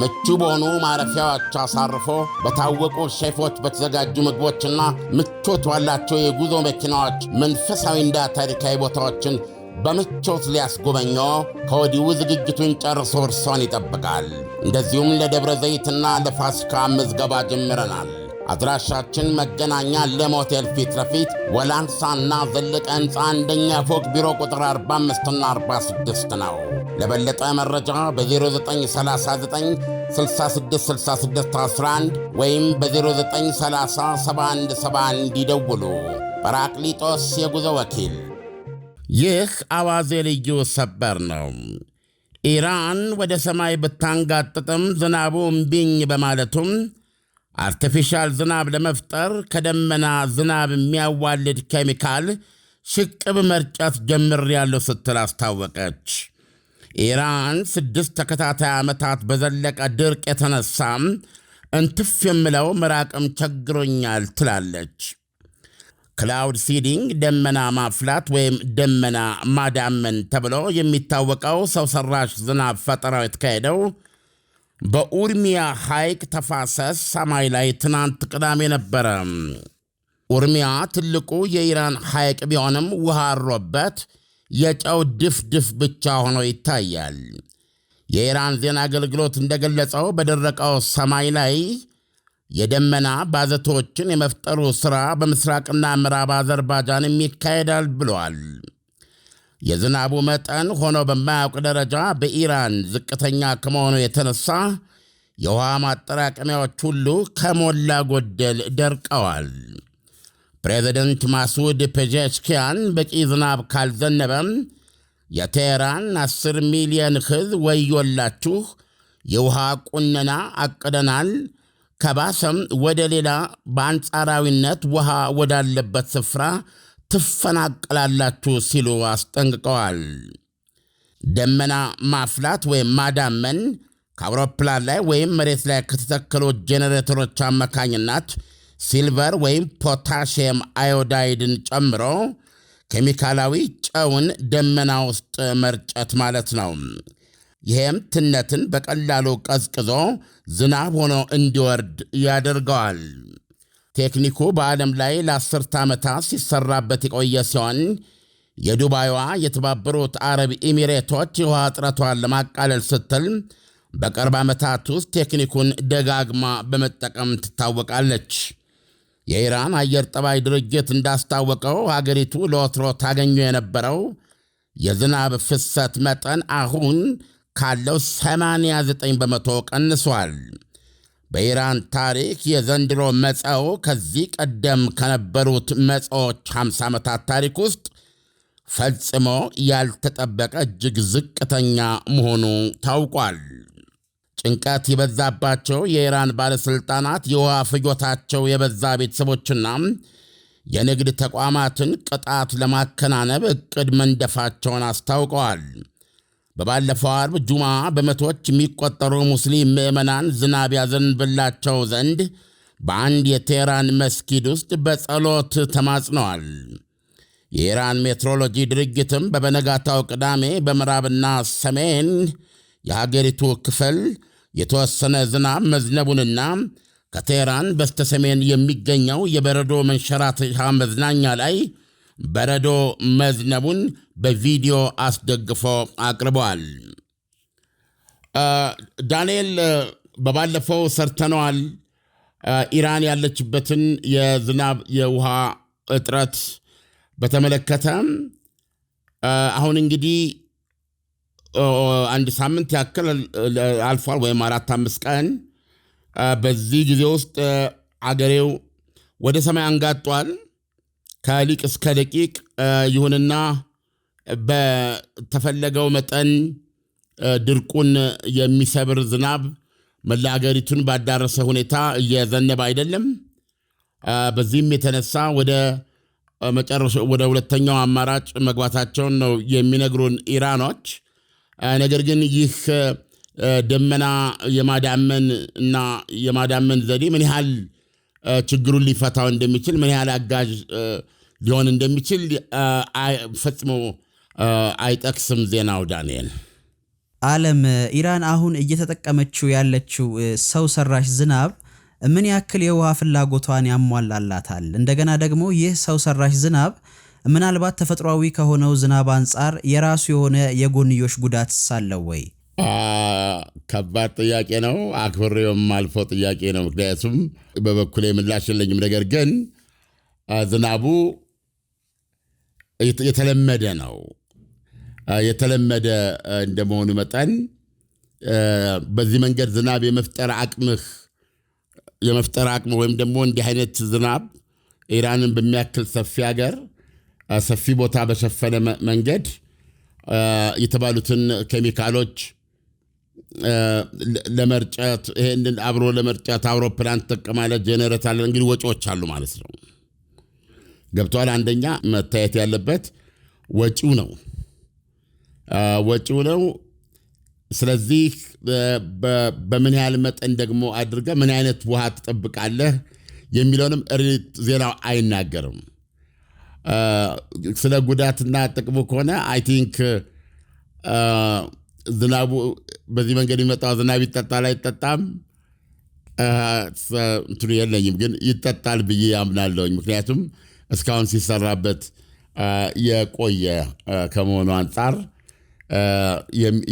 ምቹ በሆኑ ማረፊያዎች አሳርፎ በታወቁ ሼፎች በተዘጋጁ ምግቦችና ምቾት ባላቸው የጉዞ መኪናዎች መንፈሳዊና ታሪካዊ ቦታዎችን በምቾት ሊያስጎበኞ ከወዲሁ ዝግጅቱን ጨርሶ እርሶን ይጠብቃል። እንደዚሁም ለደብረ ዘይትና ለፋሲካ ምዝገባ ጀምረናል። አድራሻችን መገናኛ ለሞቴል ፊት ለፊት ወላንሳና ዘለቀ ሕንፃ አንደኛ ፎቅ ቢሮ ቁጥር 45ና 46 ነው። ለበለጠ መረጃ በ0939666611 ወይም በ09307171 ይደውሉ። ጰራቅሊጦስ የጉዞ ወኪል። ይህ አዋዜ ልዩ ሰበር ነው። ኢራን ወደ ሰማይ ብታንጋጥጥም ዝናቡ እምቢኝ በማለቱም አርቲፊሻል ዝናብ ለመፍጠር ከደመና ዝናብ የሚያዋልድ ኬሚካል ሽቅብ መርጨት ያለው ስትል አስታወቀች። ኢራን ስድስት ተከታታይ ዓመታት በዘለቀ ድርቅ የተነሳ እንትፍ የምለው ምራቅም ቸግሮኛል ትላለች። ክላውድ ሲዲንግ ደመና ማፍላት ወይም ደመና ማዳመን ተብሎ የሚታወቀው ሰው ሰራሽ ዝናብ ፈጠራው የተካሄደው በኡርሚያ ሐይቅ ተፋሰስ ሰማይ ላይ ትናንት ቅዳሜ ነበረ። ኡርሚያ ትልቁ የኢራን ሐይቅ ቢሆንም ውሃ አሮበት የጨው ድፍድፍ ብቻ ሆኖ ይታያል። የኢራን ዜና አገልግሎት እንደገለጸው በደረቀው ሰማይ ላይ የደመና ባዘቶችን የመፍጠሩ ሥራ በምስራቅና ምዕራብ አዘርባጃንም ይካሄዳል ብሏል። የዝናቡ መጠን ሆኖ በማያውቅ ደረጃ በኢራን ዝቅተኛ ከመሆኑ የተነሳ የውሃ ማጠራቀሚያዎች ሁሉ ከሞላ ጎደል ደርቀዋል። ፕሬዚደንት ማስኡድ ፔጀሽኪያን በቂ ዝናብ ካልዘነበም የቴህራን 10 ሚሊዮን ሕዝብ ወዮላችሁ፣ የውሃ ቁነና አቅደናል፣ ከባሰም ወደ ሌላ በአንጻራዊነት ውሃ ወዳለበት ስፍራ ትፈናቀላላችሁ ሲሉ አስጠንቅቀዋል። ደመና ማፍላት ወይም ማዳመን ከአውሮፕላን ላይ ወይም መሬት ላይ ከተተከሉ ጄኔሬተሮች አማካኝነት ሲልቨር ወይም ፖታሽየም አዮዳይድን ጨምሮ ኬሚካላዊ ጨውን ደመና ውስጥ መርጨት ማለት ነው። ይህም ትነትን በቀላሉ ቀዝቅዞ ዝናብ ሆኖ እንዲወርድ ያደርገዋል። ቴክኒኩ በዓለም ላይ ለአስርተ ዓመታት ሲሰራበት የቆየ ሲሆን የዱባይዋ የተባበሩት አረብ ኤሚሬቶች የውሃ እጥረቷን ለማቃለል ስትል በቅርብ ዓመታት ውስጥ ቴክኒኩን ደጋግማ በመጠቀም ትታወቃለች። የኢራን አየር ጠባይ ድርጅት እንዳስታወቀው ሀገሪቱ ለወትሮ ታገኙ የነበረው የዝናብ ፍሰት መጠን አሁን ካለው 89 በመቶ ቀንሷል። በኢራን ታሪክ የዘንድሮ መጸው ከዚህ ቀደም ከነበሩት መጸዎች 50 ዓመታት ታሪክ ውስጥ ፈጽሞ ያልተጠበቀ እጅግ ዝቅተኛ መሆኑ ታውቋል። ጭንቀት የበዛባቸው የኢራን ባለሥልጣናት የውሃ ፍጆታቸው የበዛ ቤተሰቦችና የንግድ ተቋማትን ቅጣት ለማከናነብ ዕቅድ መንደፋቸውን አስታውቀዋል። በባለፈው አርብ ጁማ በመቶዎች የሚቆጠሩ ሙስሊም ምዕመናን ዝናብ ያዘንብላቸው ዘንድ በአንድ የቴህራን መስጊድ ውስጥ በጸሎት ተማጽነዋል። የኢራን ሜትሮሎጂ ድርጅትም በበነጋታው ቅዳሜ በምዕራብና ሰሜን የሀገሪቱ ክፍል የተወሰነ ዝናብ መዝነቡንና ከቴህራን በስተሰሜን የሚገኘው የበረዶ መንሸራተቻ መዝናኛ ላይ በረዶ መዝነቡን በቪዲዮ አስደግፎ አቅርበዋል። ዳንኤል በባለፈው ሰርተነዋል። ኢራን ያለችበትን የዝናብ የውሃ እጥረት በተመለከተ አሁን እንግዲህ አንድ ሳምንት ያክል አልፏል፣ ወይም አራት አምስት ቀን። በዚህ ጊዜ ውስጥ አገሬው ወደ ሰማይ አንጋጧል ከሊቅ እስከ ደቂቅ። ይሁንና በተፈለገው መጠን ድርቁን የሚሰብር ዝናብ መላ አገሪቱን ባዳረሰ ሁኔታ እየዘነበ አይደለም። በዚህም የተነሳ ወደ መጨረሻ ወደ ሁለተኛው አማራጭ መግባታቸውን ነው የሚነግሩን ኢራኖች። ነገር ግን ይህ ደመና የማዳመን እና የማዳመን ዘዴ ምን ያህል ችግሩን ሊፈታው እንደሚችል ምን ያህል አጋዥ ሊሆን እንደሚችል ፈጽሞ አይጠቅስም ዜናው። ዳንኤል አለም፣ ኢራን አሁን እየተጠቀመችው ያለችው ሰው ሰራሽ ዝናብ ምን ያክል የውሃ ፍላጎቷን ያሟላላታል? እንደገና ደግሞ ይህ ሰው ሰራሽ ዝናብ ምናልባት ተፈጥሯዊ ከሆነው ዝናብ አንጻር የራሱ የሆነ የጎንዮሽ ጉዳት ሳለው ወይ? ከባድ ጥያቄ ነው። አክብሬውም አልፎ ጥያቄ ነው። ምክንያቱም በበኩሌ ምላሽ የለኝም። ነገር ግን ዝናቡ የተለመደ ነው። የተለመደ እንደመሆኑ መጠን በዚህ መንገድ ዝናብ የመፍጠር አቅምህ የመፍጠር አቅም ወይም ደግሞ እንዲህ አይነት ዝናብ ኢራንን በሚያክል ሰፊ ሀገር ሰፊ ቦታ በሸፈነ መንገድ የተባሉትን ኬሚካሎች ለመርጨት ይህንን አብሮ ለመርጨት አውሮፕላን ትጠቀማለ ጄኔሬት አለ። እንግዲህ ወጪዎች አሉ ማለት ነው። ገብተዋል። አንደኛ መታየት ያለበት ወጪው ነው፣ ወጪው ነው። ስለዚህ በምን ያህል መጠን ደግሞ አድርገ ምን አይነት ውሃ ትጠብቃለህ የሚለውንም ሪት ዜናው አይናገርም። ስለ ጉዳትና ጥቅሙ ከሆነ አይ ቲንክ uh, ዝናቡ በዚህ መንገድ የሚመጣው ዝናብ ይጠጣል አይጠጣም፣ uh, uh, እንትኑ የለኝም፣ ግን ይጠጣል ብዬ ያምናለውኝ። ምክንያቱም እስካሁን ሲሰራበት የቆየ ከመሆኑ አንጻር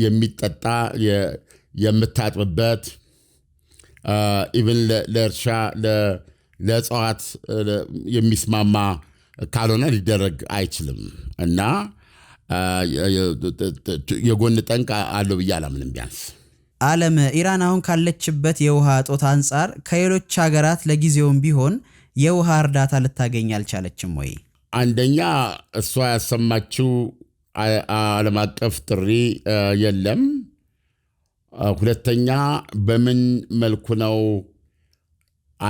የሚጠጣ የምታጥብበት ኢቨን ለእርሻ ለእጽዋት የሚስማማ ካልሆነ ሊደረግ አይችልም እና የጎን ጠንቅ አለው ብዬ አላምንም። ቢያንስ አለም ኢራን አሁን ካለችበት የውሃ እጦት አንጻር ከሌሎች ሀገራት ለጊዜውም ቢሆን የውሃ እርዳታ ልታገኝ አልቻለችም ወይ? አንደኛ እሷ ያሰማችው ዓለም አቀፍ ጥሪ የለም። ሁለተኛ በምን መልኩ ነው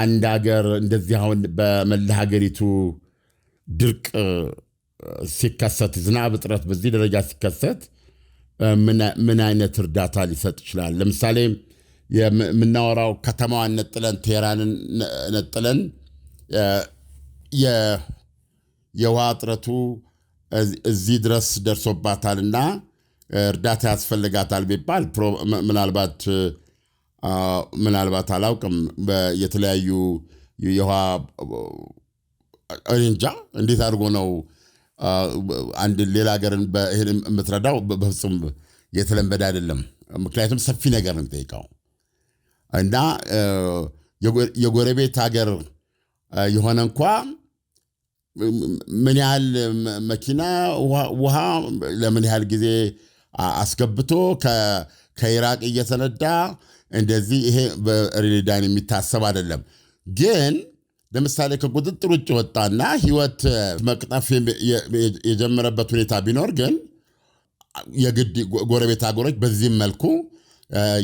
አንድ ሀገር እንደዚህ አሁን በመላ ሀገሪቱ ድርቅ ሲከሰት ዝናብ እጥረት በዚህ ደረጃ ሲከሰት ምን አይነት እርዳታ ሊሰጥ ይችላል? ለምሳሌ የምናወራው ከተማዋን ነጥለን ቴህራንን ነጥለን የውሃ እጥረቱ እዚህ ድረስ ደርሶባታልና እርዳታ ያስፈልጋታል ቢባል ምናልባት ምናልባት አላውቅም የተለያዩ የውሃ እንጃ እንዴት አድርጎ ነው አንድ ሌላ ሀገርን የምትረዳው? በፍጹም የተለመደ አይደለም። ምክንያቱም ሰፊ ነገር ነው የሚጠይቀው እና የጎረቤት ሀገር የሆነ እንኳ ምን ያህል መኪና ውሃ ለምን ያህል ጊዜ አስገብቶ ከኢራቅ እየተነዳ እንደዚህ ይሄ በሪሊዳን የሚታሰብ አይደለም ግን ለምሳሌ ከቁጥጥር ውጭ ወጣና ህይወት መቅጠፍ የጀመረበት ሁኔታ ቢኖር ግን የግድ ጎረቤት ሀገሮች በዚህም መልኩ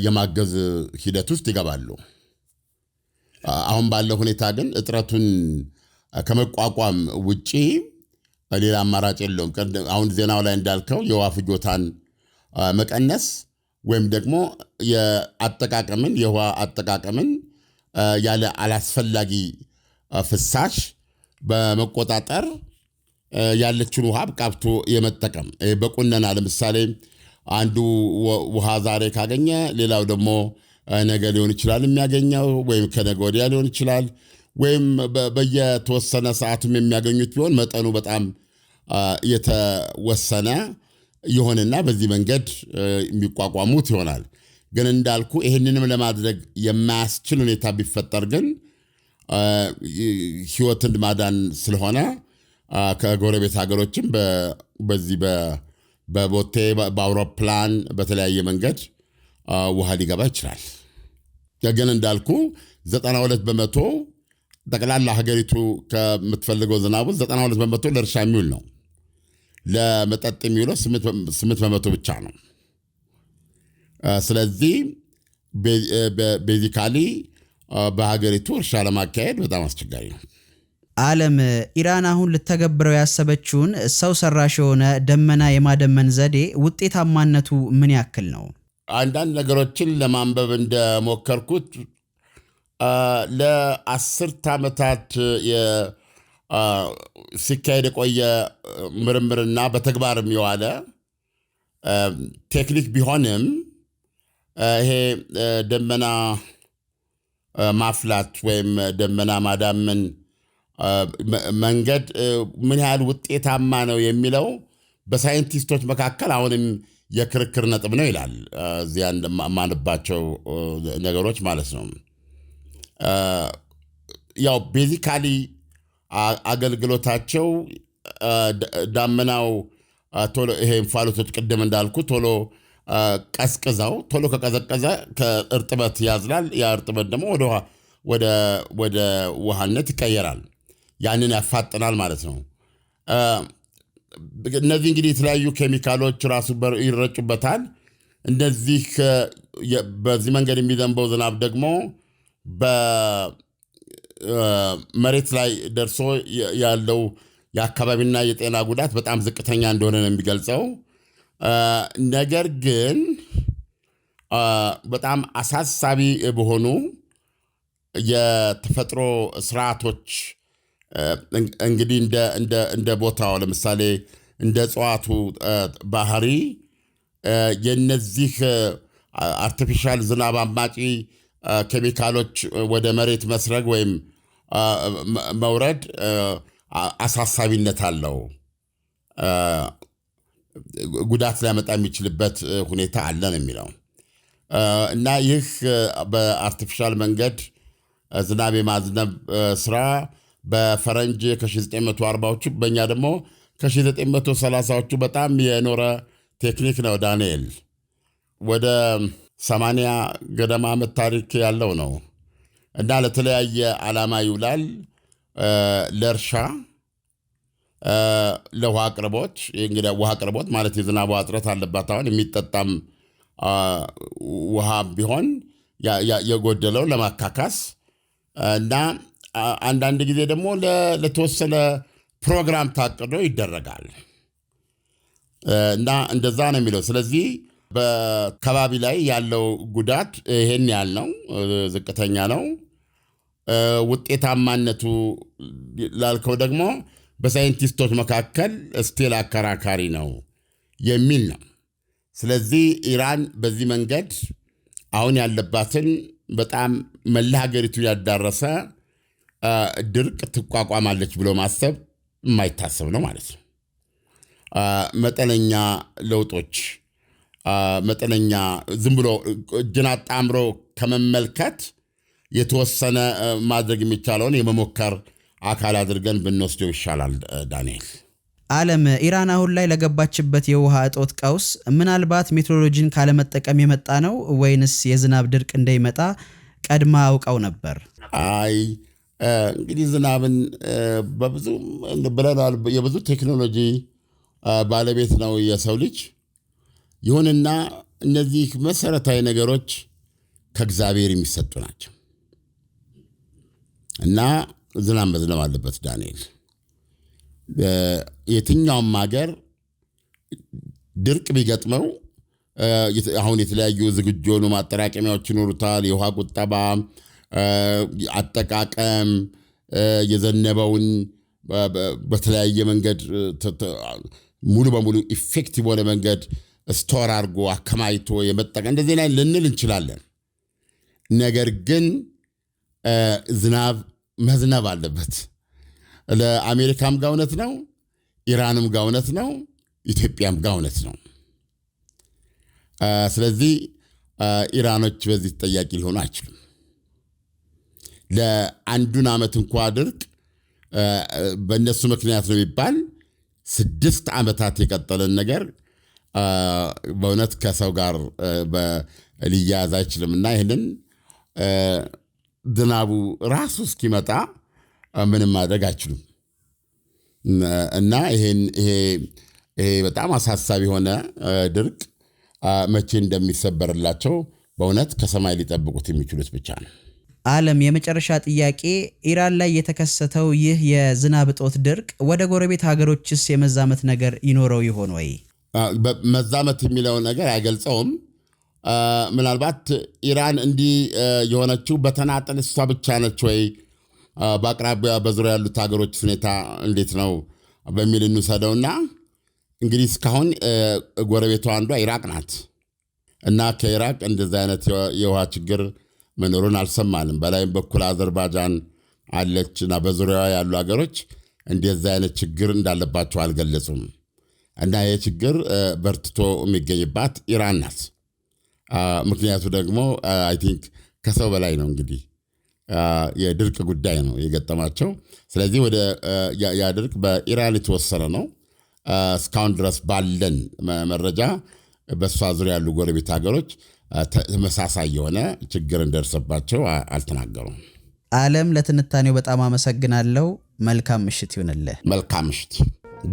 የማገዝ ሂደት ውስጥ ይገባሉ። አሁን ባለው ሁኔታ ግን እጥረቱን ከመቋቋም ውጪ ሌላ አማራጭ የለውም። አሁን ዜናው ላይ እንዳልከው የውሃ ፍጆታን መቀነስ ወይም ደግሞ የአጠቃቀምን የውሃ አጠቃቀምን ያለ አላስፈላጊ ፍሳሽ በመቆጣጠር ያለችን ውሃ ብቃብቶ የመጠቀም በቁነና ለምሳሌ አንዱ ውሃ ዛሬ ካገኘ ሌላው ደግሞ ነገ ሊሆን ይችላል የሚያገኘው ወይም ከነገ ወዲያ ሊሆን ይችላል ወይም በየተወሰነ ሰዓትም የሚያገኙት ቢሆን መጠኑ በጣም የተወሰነ ይሆንና በዚህ መንገድ የሚቋቋሙት ይሆናል። ግን እንዳልኩ ይህንንም ለማድረግ የማያስችል ሁኔታ ቢፈጠር ግን ህይወትን ማዳን ስለሆነ ከጎረቤት ሀገሮችም በዚህ በቦቴ በአውሮፕላን በተለያየ መንገድ ውሃ ሊገባ ይችላል። ግን እንዳልኩ 92 በመቶ ጠቅላላ ሀገሪቱ ከምትፈልገው ዝናቡ 92 በመቶ ለእርሻ የሚውል ነው። ለመጠጥ የሚውለው 8 በመቶ ብቻ ነው። ስለዚህ ቤዚካሊ በሀገሪቱ እርሻ ለማካሄድ በጣም አስቸጋሪ ነው። ዓለም ኢራን አሁን ልተገብረው ያሰበችውን ሰው ሰራሽ የሆነ ደመና የማደመን ዘዴ ውጤታማነቱ ምን ያክል ነው? አንዳንድ ነገሮችን ለማንበብ እንደሞከርኩት ለአስርት ዓመታት ሲካሄድ የቆየ ምርምርና በተግባርም የዋለ ቴክኒክ ቢሆንም ይሄ ደመና ማፍላት ወይም ደመና ማዳምን መንገድ ምን ያህል ውጤታማ ነው የሚለው በሳይንቲስቶች መካከል አሁንም የክርክር ነጥብ ነው ይላል። እዚያ እንደማንባቸው ነገሮች ማለት ነው። ያው ቤዚካሊ አገልግሎታቸው ዳመናው ቶሎ ይሄ እንፋሎቶች ቅድም እንዳልኩ ቶሎ ቀዝቅዘው ቶሎ ከቀዘቀዘ ከእርጥበት ያዝላል። ያ እርጥበት ደግሞ ወደ ውሃነት ይቀየራል። ያንን ያፋጥናል ማለት ነው። እነዚህ እንግዲህ የተለያዩ ኬሚካሎች ራሱ ይረጩበታል። እንደዚህ በዚህ መንገድ የሚዘንበው ዝናብ ደግሞ በመሬት ላይ ደርሶ ያለው የአካባቢና የጤና ጉዳት በጣም ዝቅተኛ እንደሆነ ነው የሚገልጸው። ነገር ግን በጣም አሳሳቢ በሆኑ የተፈጥሮ ስርዓቶች እንግዲህ እንደ ቦታው ለምሳሌ እንደ እጽዋቱ ባህሪ የነዚህ አርቲፊሻል ዝናብ አማጪ ኬሚካሎች ወደ መሬት መስረግ ወይም መውረድ አሳሳቢነት አለው። ጉዳት ሊያመጣ የሚችልበት ሁኔታ አለ ነው የሚለው እና ይህ በአርቲፊሻል መንገድ ዝናብ የማዝነብ ስራ በፈረንጅ ከ1940ዎቹ በእኛ ደግሞ ከ1930ዎቹ በጣም የኖረ ቴክኒክ ነው። ዳንኤል ወደ 80 ገደማ ዓመት ታሪክ ያለው ነው እና ለተለያየ ዓላማ ይውላል ለእርሻ ለውሃ አቅርቦት እንግዲህ ውሃ አቅርቦት ማለት የዝናብ ውሃ እጥረት አለባት። አሁን የሚጠጣም ውሃ ቢሆን የጎደለው ለማካካስ እና አንዳንድ ጊዜ ደግሞ ለተወሰነ ፕሮግራም ታቅዶ ይደረጋል እና እንደዛ ነው የሚለው። ስለዚህ በከባቢ ላይ ያለው ጉዳት ይሄን ያህል ነው፣ ዝቅተኛ ነው። ውጤታማነቱ ላልከው ደግሞ በሳይንቲስቶች መካከል ስቴል አከራካሪ ነው የሚል ነው። ስለዚህ ኢራን በዚህ መንገድ አሁን ያለባትን በጣም መላ ሀገሪቱ ያዳረሰ ድርቅ ትቋቋማለች ብሎ ማሰብ የማይታሰብ ነው ማለት ነው። መጠነኛ ለውጦች መጠነኛ ዝም ብሎ እጅን አጣምሮ ከመመልከት የተወሰነ ማድረግ የሚቻለውን የመሞከር አካል አድርገን ብንወስደው ይሻላል። ዳንኤል አለም፣ ኢራን አሁን ላይ ለገባችበት የውሃ እጦት ቀውስ ምናልባት ሜትሮሎጂን ካለመጠቀም የመጣ ነው ወይንስ የዝናብ ድርቅ እንዳይመጣ ቀድማ አውቀው ነበር? አይ እንግዲህ ዝናብን በብዙ ብለናል። የብዙ ቴክኖሎጂ ባለቤት ነው የሰው ልጅ። ይሁንና እነዚህ መሰረታዊ ነገሮች ከእግዚአብሔር የሚሰጡ ናቸው እና ዝናብ መዝነብ አለበት። ዳንኤል የትኛውም ሀገር ድርቅ ቢገጥመው አሁን የተለያዩ ዝግጁ የሆኑ ማጠራቀሚያዎች ይኖሩታል። የውሃ ቁጠባ አጠቃቀም የዘነበውን በተለያየ መንገድ ሙሉ በሙሉ ኢፌክቲቭ ሆነ መንገድ ስቶር አድርጎ አከማይቶ የመጠቀም እንደዚህ ልንል እንችላለን። ነገር ግን ዝናብ መዝነብ አለበት። ለአሜሪካም ጋ እውነት ነው፣ ኢራንም ጋ እውነት ነው፣ ኢትዮጵያም ጋ እውነት ነው። ስለዚህ ኢራኖች በዚህ ተጠያቂ ሊሆኑ አይችሉም። ለአንዱን ዓመት እንኳ ድርቅ በእነሱ ምክንያት ነው የሚባል ስድስት ዓመታት የቀጠለን ነገር በእውነት ከሰው ጋር ሊያያዝ አይችልም እና ይህንን ዝናቡ ራሱ እስኪመጣ ምንም ማድረግ አይችሉም እና ይሄ በጣም አሳሳቢ የሆነ ድርቅ መቼ እንደሚሰበርላቸው በእውነት ከሰማይ ሊጠብቁት የሚችሉት ብቻ ነው። አለም፣ የመጨረሻ ጥያቄ ኢራን ላይ የተከሰተው ይህ የዝናብ እጦት ድርቅ ወደ ጎረቤት ሀገሮችስ የመዛመት ነገር ይኖረው ይሆን ወይ? መዛመት የሚለውን ነገር አይገልጸውም። ምናልባት ኢራን እንዲህ የሆነችው በተናጠል እሷ ብቻ ነች ወይ? በአቅራቢያ በዙሪያ ያሉት ሀገሮች ሁኔታ እንዴት ነው በሚል እና እንግዲህ እስካሁን ጎረቤቷ አንዷ ኢራቅ ናት እና ከኢራቅ እንደዚህ አይነት የውሃ ችግር መኖሩን አልሰማንም። በላይም በኩል አዘርባጃን አለች እና በዙሪያዋ ያሉ ሀገሮች እንደዚህ አይነት ችግር እንዳለባቸው አልገለጹም እና ይህ ችግር በርትቶ የሚገኝባት ኢራን ናት። ምክንያቱ ደግሞ አይ ቲንክ ከሰው በላይ ነው እንግዲህ የድርቅ ጉዳይ ነው የገጠማቸው። ስለዚህ ወደ ያ ድርቅ በኢራን የተወሰነ ነው። እስካሁን ድረስ ባለን መረጃ በእሷ ዙሪያ ያሉ ጎረቤት ሀገሮች ተመሳሳይ የሆነ ችግር እንደደርሰባቸው አልተናገሩም። አለም፣ ለትንታኔው በጣም አመሰግናለሁ። መልካም ምሽት ይሁንልህ። መልካም ምሽት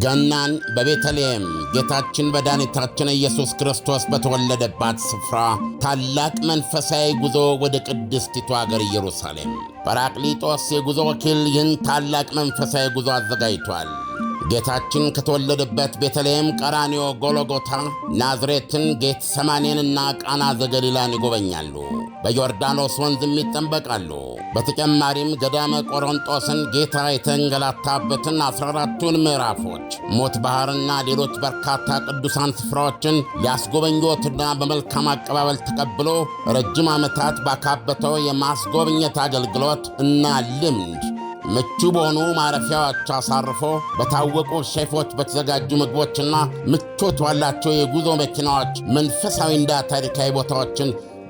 ገናን በቤተልሔም ጌታችን መድኃኒታችን ኢየሱስ ክርስቶስ በተወለደባት ስፍራ ታላቅ መንፈሳዊ ጉዞ ወደ ቅድስቲቱ አገር ኢየሩሳሌም ጰራቅሊጦስ የጉዞ ወኪል ይህን ታላቅ መንፈሳዊ ጉዞ አዘጋጅቷል። ጌታችን ከተወለደበት ቤተልሔም፣ ቀራኒዮ፣ ጎሎጎታ፣ ናዝሬትን፣ ጌት ሰማኔንና ቃና ዘገሊላን ይጎበኛሉ። በዮርዳኖስ ወንዝም ይጠንበቃሉ። በተጨማሪም ገዳመ ቆሮንጦስን ጌታ የተንገላታበትን 14ቱን ምዕራፎች ሞት ባሕርና ሌሎች በርካታ ቅዱሳን ስፍራዎችን ሊያስጎበኞትና በመልካም አቀባበል ተቀብሎ ረጅም ዓመታት ባካበተው የማስጎብኘት አገልግሎት እና ልምድ ምቹ በሆኑ ማረፊያዎች አሳርፎ በታወቁ ሼፎች በተዘጋጁ ምግቦችና ምቾት ባላቸው የጉዞ መኪናዎች መንፈሳዊና ታሪካዊ ቦታዎችን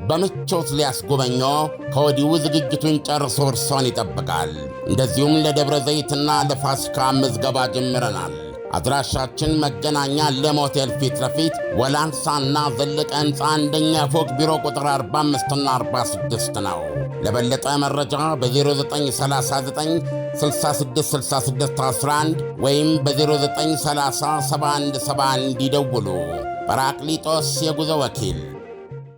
በምቾት ሊያስጎበኞ ከወዲሁ ዝግጅቱን ጨርሶ እርሶን ይጠብቃል። እንደዚሁም ለደብረ ዘይትና ለፋሲካ ምዝገባ ጀምረናል። አድራሻችን መገናኛ ለሞቴል ፊት ለፊት ወላንሳና ዘለቀ ሕንፃ አንደኛ ፎቅ ቢሮ ቁጥር 45 46 ነው። ለበለጠ መረጃ በ0939 666611 ወይም በ0930 ይደውሉ። ጰራቅሊጦስ የጉዞ ወኪል